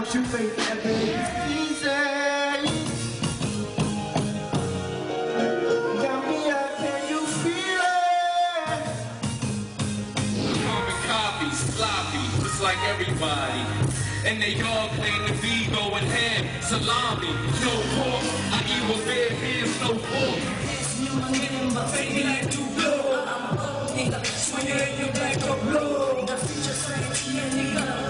Don't you think everything's easy. Tell me how can you feel it? Carbon copies, sloppy, just like everybody. And they all claim to be going ham, salami, no pork. I eat with bare hands, no pork. Ask me my but baby, I do blow. I'm a blow, Swing it in your back, I blow. The future's like, yeah, nigga.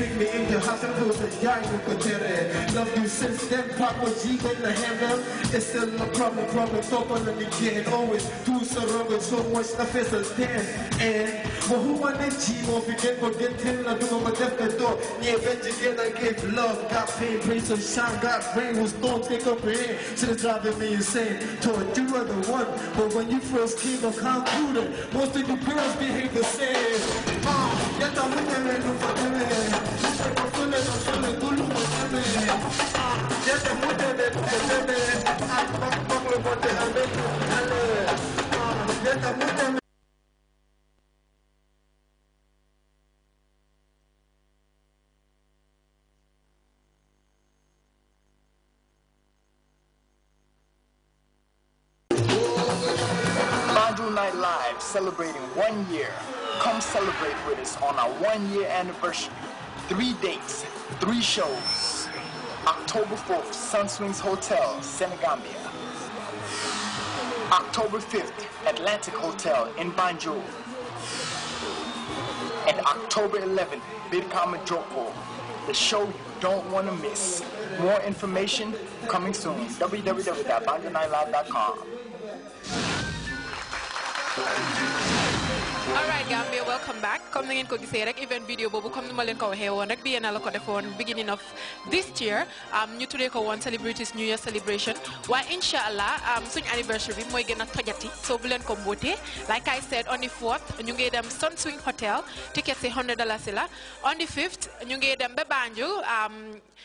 Pick me in into hospitals and yarin kotere Love you since then, Papa G in the handle It's still a problem, problem, so on the again Always do so wrong and so much stuff is a dance And well, who want that G won't begin, but get ten, I do my death the door Yeah, venge again, I gave love, got pain, pain. and shine, got rain, was storm, take up your hand Should have driving me insane, told you are the one But when you first came, I concluded Most of you girls behave the same Ah, get I'm with them and I'm Night Live celebrating one year. Come celebrate with us on our one year anniversary. Three dates, three shows. October 4th, Sunswings Hotel, Senegambia. October 5th, Atlantic Hotel in Banjul. And October 11th, Bidkama Joko, the show you don't want to miss. More information coming soon. www.banjulnightlive.com. alright Gambia welcome back comme ni ko gisee rek event video boobu comme ni ma leen ko waxee woon rek Bienna la ko defoon beginning of this year um, ñu tuddee ko woon celebrities new year celebration waaye incha allah um, suñ anniversary bi mooy gën a tojati so bu ko mbóotee like I said on the fourth ñu ngi dem Sun Hotel tickets yi hundred dollars la on the fifth ñu ngi dem ba Banjul um,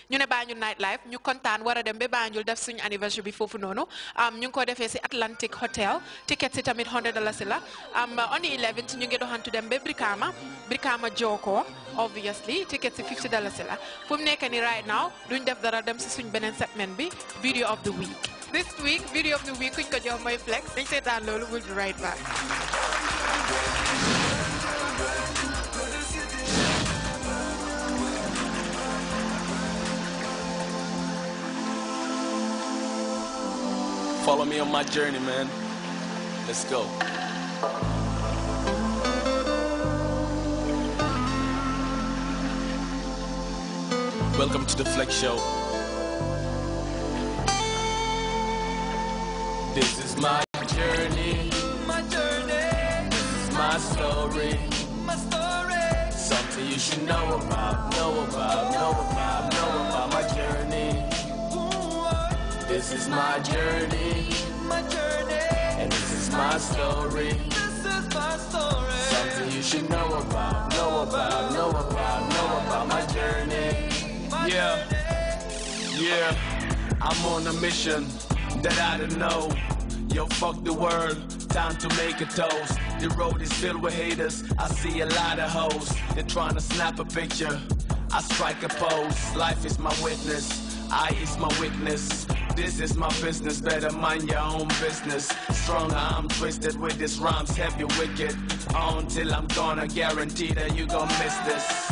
ñu ne Banjul night life ñu kontaan war a dem ba Banjul def suñ anniversary bi foofu noonu ñu ngi ko defee si Atlantic Hotel tickets yi tamit hundred dollars la on the eleventh tickets ñu ngi hundred dem ba Brikama Brikama Joko obviously tickets yi fifty dollars la fu mu nekk ni right now duñ def dara dem si suñ beneen segment bi video of the week. this week video of the week kuñ ko jox mooy flex dañ seetaan that Lolo will be right back. Follow me on my journey, man. Let's go. Welcome to the Flex Show. This is my journey. My journey. This is my story. My story. Something you should know about, know about, know about, know about my journey. This is my journey. My journey. And this is my story. This is my story. Something you should know about, know about, know about, know about my journey. Yeah, yeah, I'm on a mission that I don't know. Yo, fuck the world, time to make a toast. The road is filled with haters, I see a lot of hoes. They're trying to snap a picture, I strike a pose. Life is my witness, I is my witness. This is my business, better mind your own business. Stronger, I'm twisted with this rhymes, heavy wicked. On till I'm gone, I guarantee that you gon' miss this.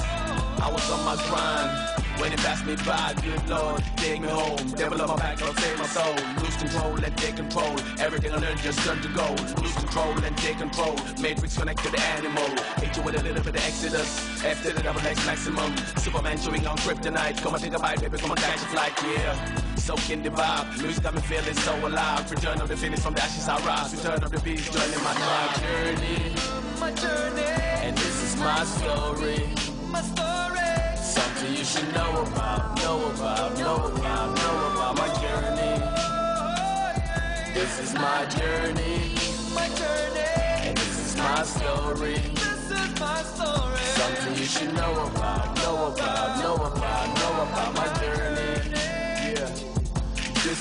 I was on my grind. When it passed me by, good Lord, take me home. Devil on my back, I'll save my soul. Lose control and take control. Everything I learned just turned to gold. Lose control and take control. Matrix connected animal. Hate you with a little bit of exodus. After the double X maximum. Superman chewing on kryptonite. Come on, take a bite, baby, come on, catch a flight, yeah. Soaking the vibe. Music got me feeling so alive. Return of the phoenix from the ashes I rise. Return of the beast, joining my, my journey. My journey. And this is my story. My story something you should know about, know about, know about, know about my journey. This is my journey. My journey. And this is my story. This is my story. Something you should know about, know about, know about, know about my journey.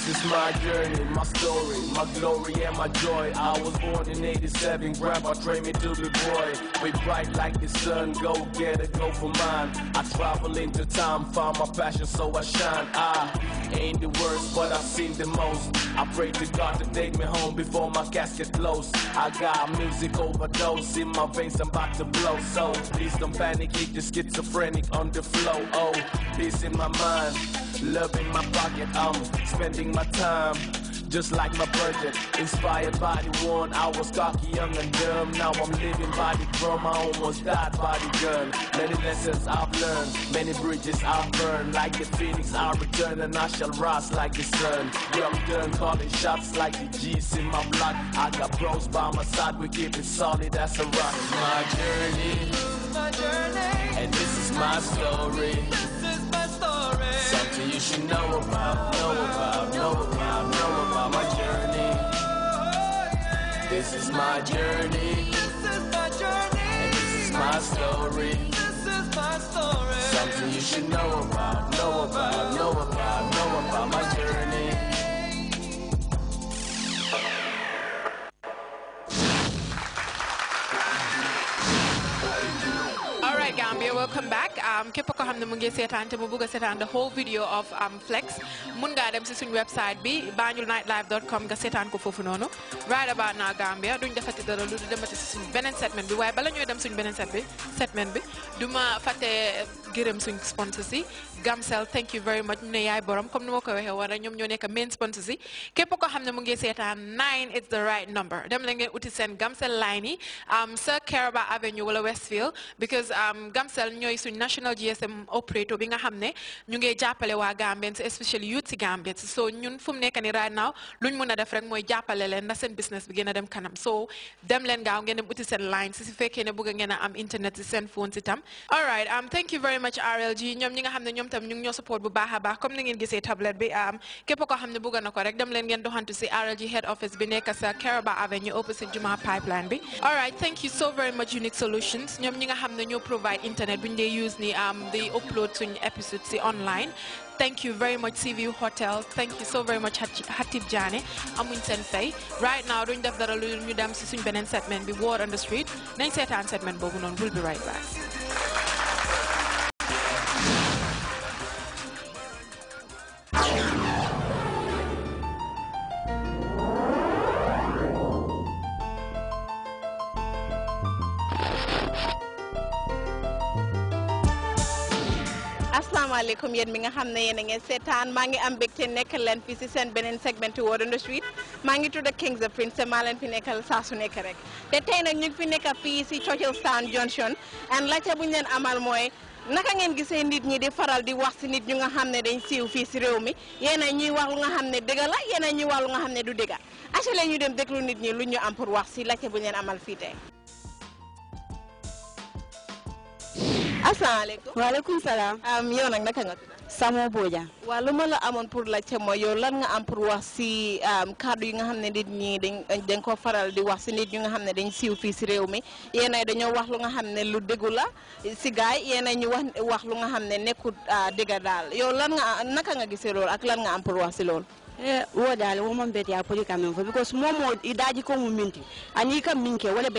This is my journey, my story, my glory and my joy. I was born in 87, grandpa trained me to be boy. We bright like the sun, go get it, go for mine. I travel into time, find my passion so I shine. I ain't the worst, but I've seen the most. I pray to God to take me home before my casket close. I got music overdose in my veins, I'm about to blow. So please don't panic, eat your schizophrenic on the flow. Oh, peace in my mind. Love in my pocket, I'm spending my time just like my budget. Inspired by the one, I was cocky, young and dumb. Now I'm living by the drum, I almost died by the gun. Many lessons I've learned, many bridges I've burned. Like the phoenix, I return and I shall rise like the sun. Yeah, I'm done calling shots like the G's in my block. I got bros by my side, we keep it solid as a rock. My journey, my journey, and this is my story that you know about, know about, know about, know about my journey. This is my journey. This is my journey. And this is my story. This is my story. Something you should know about, know about, know about, know about my journey. welcome back um, képp ko xam ne mu ngi seetaan te mu bëgg a seetaan the whole video of um, Flex mun ngaa dem si suñu website bi banjulnightlife.com nga seetaan ko foofu noonu right about now Gambia duñ defati dara lu demati si suñ beneen segment bi waaye bala ñooy dem suñ beneen set bi segment bi duma fàtte gërëm suñ sponsors yi Gamcel thank you very much ñu ne yaay borom comme ni ma ko waxee woon rek ñoom ñoo nekk main sponsors yi képp ko xam ne mu ngi seetaan nine it's the right number dem la ngeen uti seen Gamcel line yi um, Sir caraba Avenue wala Westfield because Gamcel ñooñu ñooy suñ national GSM operator bi nga xam ne ñu ngi jàppale waa Gambians especially youth si Gambians so ñun fu mu nekk nii right now luñ mën a def rek mooy jàppale leen ndax seen business bi gën a dem kanam so dem leen gaaw ngeen dem uti seen line si su fekkee ne bëgg ngeen a am internet si seen phone si tam. all right um, thank you very much RLG ñoom ñi nga xam ne ñoom tam ñu ñoo support bu baax a baax comme ni ngeen gisee tablette bi um, képp koo xam ne bëgg na ko rek dem leen ngeen doxantu si RLG head office bi nekk sa Caraba Avenue opposite Juma pipeline bi. all right thank you so very much Unique Solutions ñoom ñi nga xam ne ñoo provide internet bi use ni am um, di upload suñu épisode si online thank you very much TV Hotel thank you so very much Hatib Diané amuñ seen fay right now duñ def dara lu ñu dem si suñ beneen segment bi Word on the Street nañ seetaan segment boobu noonu will be right back asalaamaaleykum yéen mi nga xam ne yéen a ngeen seetaan maa ngi am mbégte nekkal leen fii si seen beneen segment Word on the Street maa ngi tudd King the Prince te maa leen fi nekkal saa su nekk rek te tey nag ñu ngi fi nekk fii si Churchilltown Junction and laajte bu ñu leen amal mooy naka ngeen gisee nit ñi di faral di wax si nit ñu nga xam ne dañ siiw fii si réew mi yéen a ñuy wax lu nga xam ne dëgg la yéen a ñuy wax lu nga xam ne du dëgg achale ñu dem déglu nit ñi lu ñu am pour wax si laajte bu ñu amal fii asalaamaaleykum waaleykum salaam. yow nag naka nga tudd. Samo Bojang. waa lu ma la amoon pour laajte mooy yow lan nga pour wax si kàddu yi nga xam ne nit ñi dañ dañ ko faral di wax si nit ñi nga xam ne dañ siiw fii si réew mi yéen ay dañoo wax lu nga xam ne lu déggu la si gaay yi yéen wax lu nga xam ne nekkul dégga daal yow lan nga naka nga gisee loolu ak lan nga am pour wax si loolu. a i daji ko minti ani kam minke wala